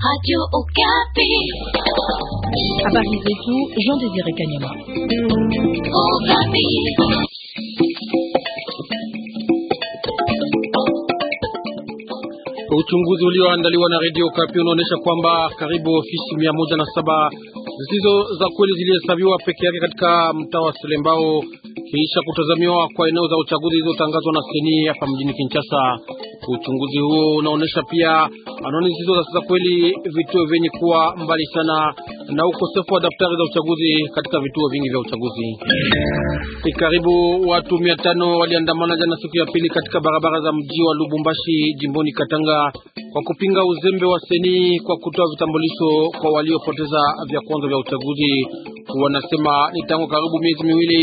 Radio À Paris, c'est tout. Jean Désiré Kanyama. Uchunguzi ulioandaliwa na Radio Kapi unaonesha kwamba karibu ofisi mia moja na saba zisizo za kweli zilihesabiwa peke yake katika mtaa wa Selembao kisha kutazamiwa kwa eneo za uchaguzi zilizotangazwa na seni hapa mjini Kinshasa. Uchunguzi huo unaonyesha pia anwani zisizo za kweli, vituo vyenye kuwa mbali sana na ukosefu wa daftari za uchaguzi katika vituo vingi vya uchaguzi. Karibu watu mia tano waliandamana jana siku ya pili katika barabara za mji wa Lubumbashi jimboni Katanga kwa kupinga uzembe wa seni kwa kutoa vitambulisho kwa waliopoteza vya kwanza vya uchaguzi. Wanasema ni tangu karibu miezi miwili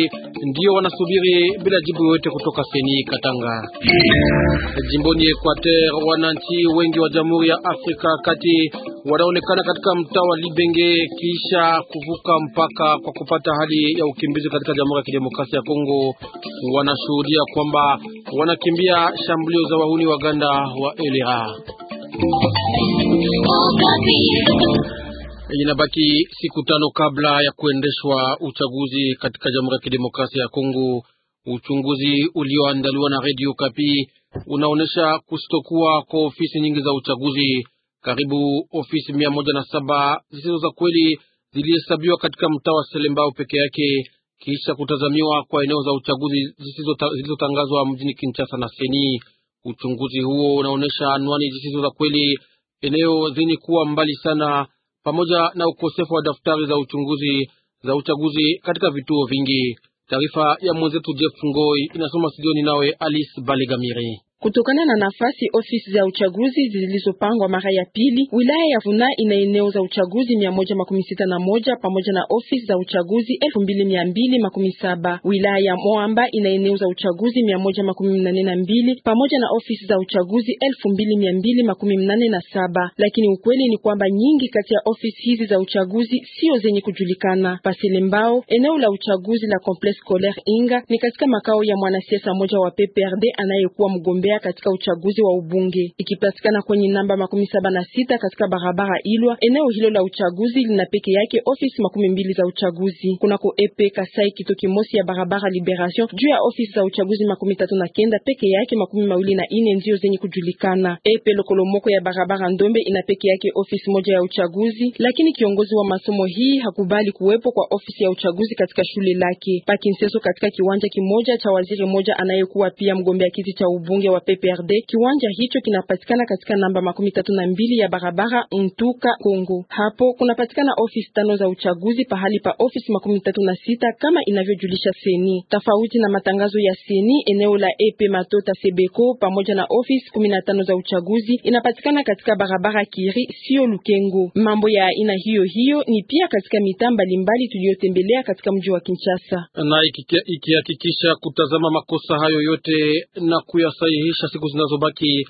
ndio wanasubiri bila jibu yoyote kutoka seni Katanga, jimboni Equateur. Wananchi wengi wa Jamhuri ya Afrika Kati wanaonekana katika mtaa wa Libenge kisha kuvuka mpaka kwa kupata hali ya ukimbizi katika Jamhuri ya Kidemokrasia ya Kongo. Wanashuhudia kwamba wanakimbia shambulio za wahuni wa ganda wa Elera. Inabaki siku tano kabla ya kuendeshwa uchaguzi katika Jamhuri ya Kidemokrasia ya Kongo. Uchunguzi ulioandaliwa na Radio Kapi unaonyesha kustokuwa kwa ofisi nyingi za uchaguzi. Karibu ofisi mia moja na saba zisizo za kweli zilihesabiwa katika mtaa wa Selembao peke yake kisha kutazamiwa kwa eneo za uchaguzi zilizotangazwa mjini Kinshasa na Seni. Uchunguzi huo unaonyesha anwani zisizo za kweli eneo zenye kuwa mbali sana, pamoja na ukosefu wa daftari za uchunguzi za uchaguzi katika vituo vingi. Taarifa ya mwenzetu Jeff Ngoi inasoma studioni, nawe Alice Baligamiri. Kutokana na nafasi ofisi za uchaguzi zilizopangwa mara ya pili, wilaya ya Vuna ina eneo za uchaguzi mia moja makumi sita na moja pamoja na ofisi za uchaguzi elfu mbili mia mbili makumi saba. Wilaya ya Moamba ina eneo za uchaguzi mia moja makumi mnane na mbili pamoja na ofisi za uchaguzi elfu mbili mia mbili makumi mnane na saba. Lakini ukweli ni kwamba nyingi kati ya ofisi hizi za uchaguzi sio zenye kujulikana. Pasile Mbao, eneo la uchaguzi la Complexe Scolaire Inga, ni katika makao ya mwanasiasa mmoja wa PPRD anayekuwa mgombea kugombea katika uchaguzi wa ubunge ikipatikana kwenye namba makumi saba na sita katika barabara Ilwa. Eneo hilo la uchaguzi lina peke yake ofisi makumi mbili za uchaguzi kunako epe Kasai kito kimosi ya barabara Liberation, juu ya ofisi za uchaguzi makumi tatu na kenda peke yake makumi mawili na ine ndio zenye kujulikana. Epe Lokolomoko ya barabara Ndombe ina peke yake ofisi moja ya uchaguzi, lakini kiongozi wa masomo hii hakubali kuwepo kwa ofisi ya uchaguzi katika shule lake Pakinseso katika kiwanja kimoja cha waziri moja anayekuwa pia mgombea kiti cha ubunge wa PPRD. Kiwanja hicho kinapatikana katika namba makumi tatu na mbili ya barabara Ntuka Kongo. Hapo kunapatikana ofisi tano za uchaguzi pahali pa ofisi makumi tatu na sita kama inavyojulisha seni. Tofauti na matangazo ya seni, eneo la EP Matota Sebeko pamoja na ofisi kumi na tano za uchaguzi inapatikana katika barabara Kiri sio Lukengo. Mambo ya aina hiyo hiyo ni pia katika mitaa mbalimbali tuliyotembelea katika mji wa Kinshasa na ikihakikisha iki kutazama makosa hayo yote na kuyasahihi kisha siku zinazobaki,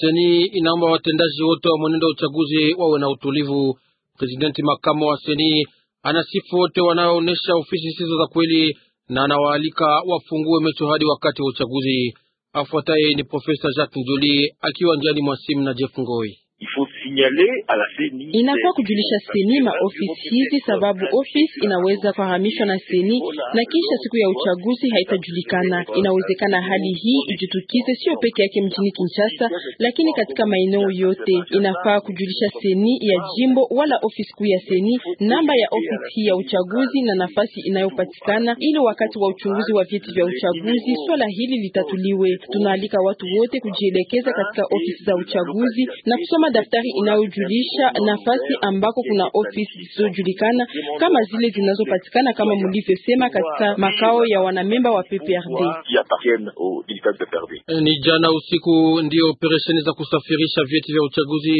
seni inaomba watendaji wote wa mwenendo wa uchaguzi wawe na utulivu. Presidenti makamo wa seni anasifu wote wanaoonyesha ofisi zisizo za kweli na anawaalika wafungue mecho hadi wakati wa uchaguzi. Afuataye ni Profesa Jacques Njuli akiwa njiani mwa simu na Jeff Ngoi inafaa kujulisha seni maofisi hizi, sababu ofisi inaweza fahamishwa na seni na kisha siku ya uchaguzi haitajulikana. Inawezekana hali hii ijitukize sio peke yake mjini Kinshasa, lakini katika maeneo yote. Inafaa kujulisha seni ya jimbo wala ofisi kuu ya seni namba ya ofisi hii ya uchaguzi na nafasi inayopatikana, ili wakati wa uchunguzi wa vyeti vya uchaguzi swala hili litatuliwe. Tunaalika watu wote kujielekeza katika ofisi za uchaguzi na kusoma daftari unaojulisha nafasi ambako kuna ofisi zisizojulikana kama zile zinazopatikana kama mlivyosema katika makao ya wanamemba wa PPRD. Ni jana usiku ndio operesheni za kusafirisha vyeti vya uchaguzi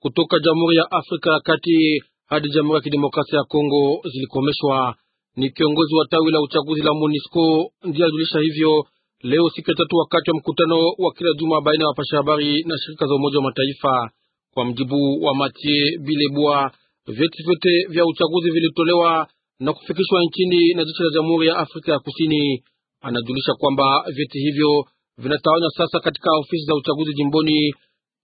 kutoka Jamhuri ya Afrika ya Kati hadi Jamhuri ya Kidemokrasia ya Kongo zilikomeshwa. Ni kiongozi wa tawi la uchaguzi la MONUSCO ndiye alijulisha hivyo leo siku ya tatu wakati wa mkutano wa kila juma baina ya wapasha habari na shirika za Umoja wa Mataifa. Kwa mjibu wa mathieu Bilebwa, vyeti vyote vya uchaguzi vilitolewa na kufikishwa nchini na jeshi la Jamhuri ya Afrika ya Kusini. Anajulisha kwamba vyeti hivyo vinatawanywa sasa katika ofisi za uchaguzi jimboni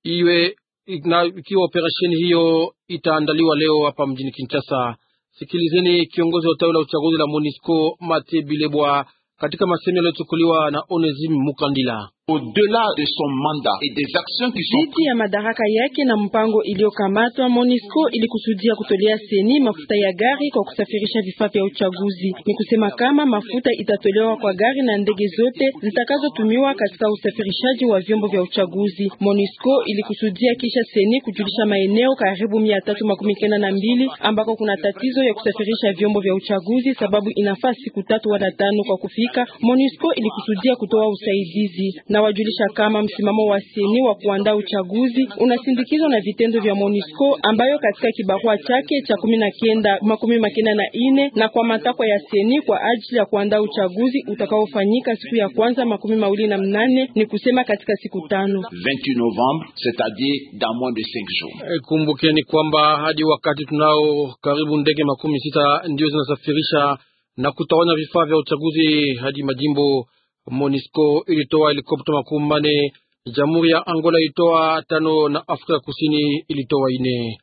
iwe na ikiwa operesheni hiyo itaandaliwa leo hapa mjini Kinshasa. Sikilizeni kiongozi wa tawi la uchaguzi la Monisco Mate Bilebwa katika masemi yaliyochukuliwa na Onesime Mukandila dhidi ya madaraka yake na mpango iliyokamatwa, Monisco ilikusudia kutolea seni mafuta ya gari kwa kusafirisha vifaa vya uchaguzi. Ni kusema kama mafuta itatolewa kwa gari na ndege zote zitakazotumiwa katika usafirishaji wa vyombo vya uchaguzi. Monisco ilikusudia kisha seni kujulisha maeneo karibu mia tatu makumi kenda na mbili ambako kuna tatizo ya kusafirisha vyombo vya uchaguzi, sababu inafaa siku tatu wala tano kwa kufika. Monisco ilikusudia kutoa usaidizi na wajulisha kama msimamo wa seni wa kuandaa uchaguzi unasindikizwa na vitendo vya MONUSCO ambayo katika kibarua chake cha kumi na kenda makumi makenda na ine na kwa matakwa ya seni kwa ajili ya kuandaa uchaguzi utakaofanyika siku ya kwanza makumi mawili na mnane ni kusema katika siku tano 28 Novembre c'est-à-dire dans moins de 5 jours. Eh, kumbukeni kwamba hadi wakati tunao karibu ndege makumi sita ndio zinasafirisha na kutawanya vifaa vya uchaguzi hadi majimbo. Monisco ilitoa helikopta makumi mane, Jamhuri ya Angola ilitoa tano na Afrika Kusini ilitoa ine.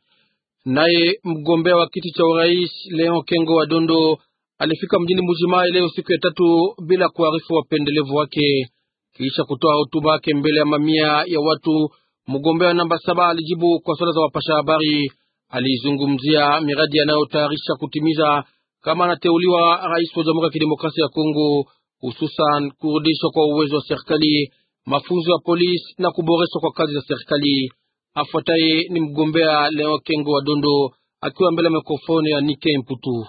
Naye mgombea wa kiti cha urais Leon Kengo wa Dondo alifika mjini mujima leo siku ya tatu bila kuarifu wapendelevu wake. Kisha kutoa hotuba yake mbele ya mamia ya watu, mgombea namba saba alijibu kwa swala za wapasha habari. Alizungumzia miradi yanayotayarisha kutimiza kama anateuliwa rais wa Jamhuri ya Kidemokrasia ya Kongo hususan kurudishwa kwa uwezo wa serikali, mafunzo ya polisi na kuboreshwa kwa kazi za serikali. Afuataye ni mgombea Leo Kengo wa Dondo akiwa mbele ya mikrofoni ya Nike Mputu.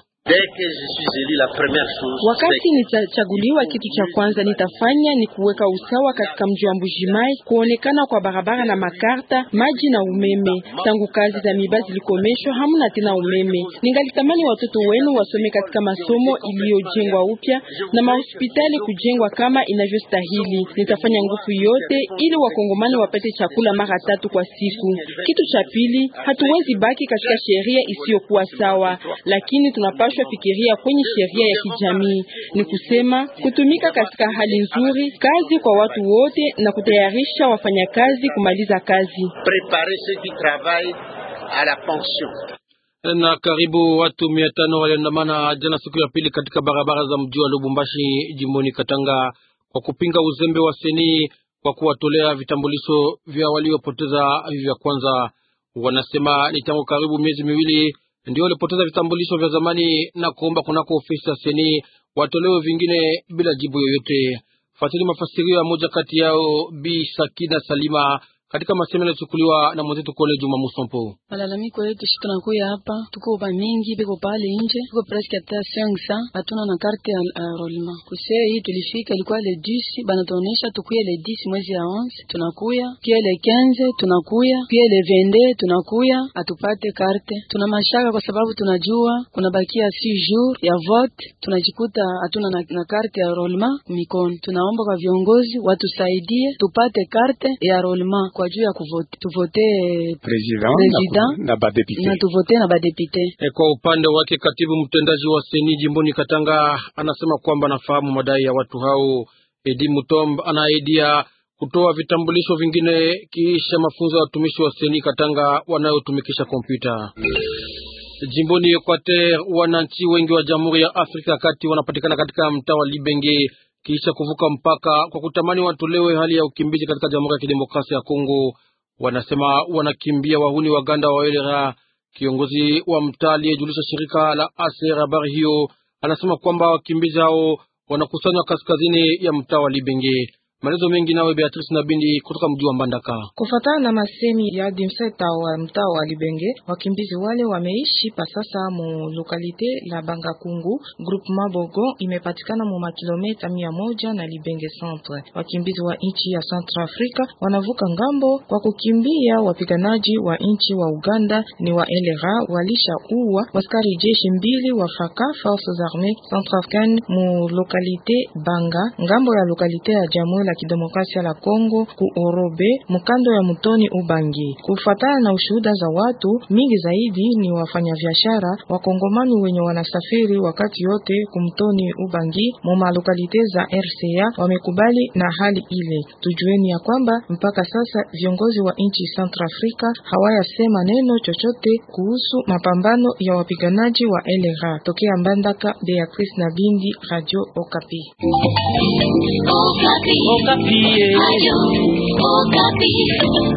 Wakati nitachaguliwa, kitu cha kwanza nitafanya ni kuweka usawa katika mji wa Mbujimai, kuonekana kwa barabara na makarta, maji na umeme. Tangu kazi za miba zilikomeshwa, hamna tena umeme. Ningalitamani watoto wenu wasome katika masomo iliyojengwa upya na mahospitali kujengwa kama inavyostahili. Nitafanya nguvu yote ili wakongomani wapate chakula mara tatu kwa siku. Kitu cha pili, hatuwezi baki katika sheria isiyokuwa sawa, lakini tunapaswa tunapashwa fikiria kwenye sheria ya kijamii, ni kusema kutumika katika hali nzuri, kazi kwa watu wote na kutayarisha wafanyakazi kumaliza kazi. na karibu watu mia tano waliandamana jana siku ya pili katika barabara za mji wa Lubumbashi jimboni Katanga kwa kupinga uzembe wa seni kwa kuwatolea vitambulisho vya waliopoteza hivi vya kwanza. Wanasema ni tangu karibu miezi miwili ndio walipoteza vitambulisho vya zamani na kuomba kunako ofisi ya seni watolewe vingine bila jibu yoyote. Fatili mafasirio ya moja kati yao Bi Sakina Salima katika masemo yaliyochukuliwa na mwenzetu Kole Juma Musompo. Malalamiko yetu sisi tunakuya hapa, tuko ba mingi biko pale nje, tuko presque hata 500 hatuna na carte ya enrollment kuse hii. Tulifika ilikuwa le 10 banatuonesha tukuye le 10 mwezi ya 11 tunakuya, pia le 15 tunakuya, pia le 22 tunakuya, atupate carte. Tuna mashaka kwa sababu tunajua kuna bakia 6 jours ya vote, tunajikuta hatuna na, na carte ya enrollment mikono. Tunaomba kwa viongozi watusaidie tupate carte ya enrollment kwa juu ya tuvote president na tuvote na badepite. Kwa upande wake, katibu mtendaji wa seni jimboni Katanga anasema kwamba anafahamu madai ya watu hao. Edi Mutomb anaidia kutoa vitambulisho vingine kisha mafunzo ya watumishi wa seni Katanga wanayotumikisha kompyuta. Jimboni Equateur, wananchi wengi wa Jamhuri ya Afrika Kati wanapatikana katika mtaa wa Libenge kisha kuvuka mpaka kwa kutamani watolewe hali ya ukimbizi katika Jamhuri ya Kidemokrasia ya Kongo. Wanasema wanakimbia wahuni Waganda wa Elera. Kiongozi wa mtaa aliyejulisha shirika la Aser habari hiyo anasema kwamba wakimbizi hao wanakusanywa kaskazini ya mtaa wa Libenge. Maelezo mengi nawe Beatrice Nabindi kutoka mji wa Mbandaka. Kufuatana na masemi ya dimseta wa mtaa wa Libenge, wakimbizi wale wameishi pa sasa mu lokalite la Bangakungu groupement Bogon imepatikana mu makilomita mia moja na Libenge centre. Wakimbizi wa nchi ya Central Africa wanavuka ngambo kwa kukimbia wapiganaji wa nchi wa Uganda ni wa LRA walisha uwa waskari jeshi mbili wa Faka Forces Armées Centrafricaines mu lokalite Banga ngambo ya lokalite ya jamwela la Kidemokrasia la Kongo kuorobe mkando ya mtoni Ubangi. Kufatana na ushuhuda za watu mingi, zaidi ni wafanyabiashara Kongomani wenye wanasafiri wakati yote kumtoni Ubangi moma lokalite za RCA wamekubali na hali ile. Tujueni ya kwamba mpaka sasa viongozi wa nchi Centrafrika hawayasema neno chochote kuhusu mapambano ya wapiganaji wa LRA. Tokea Mbandaka, Beatrice na Bindi, Radio Okapi. Okapi. au papier. Radio au papier.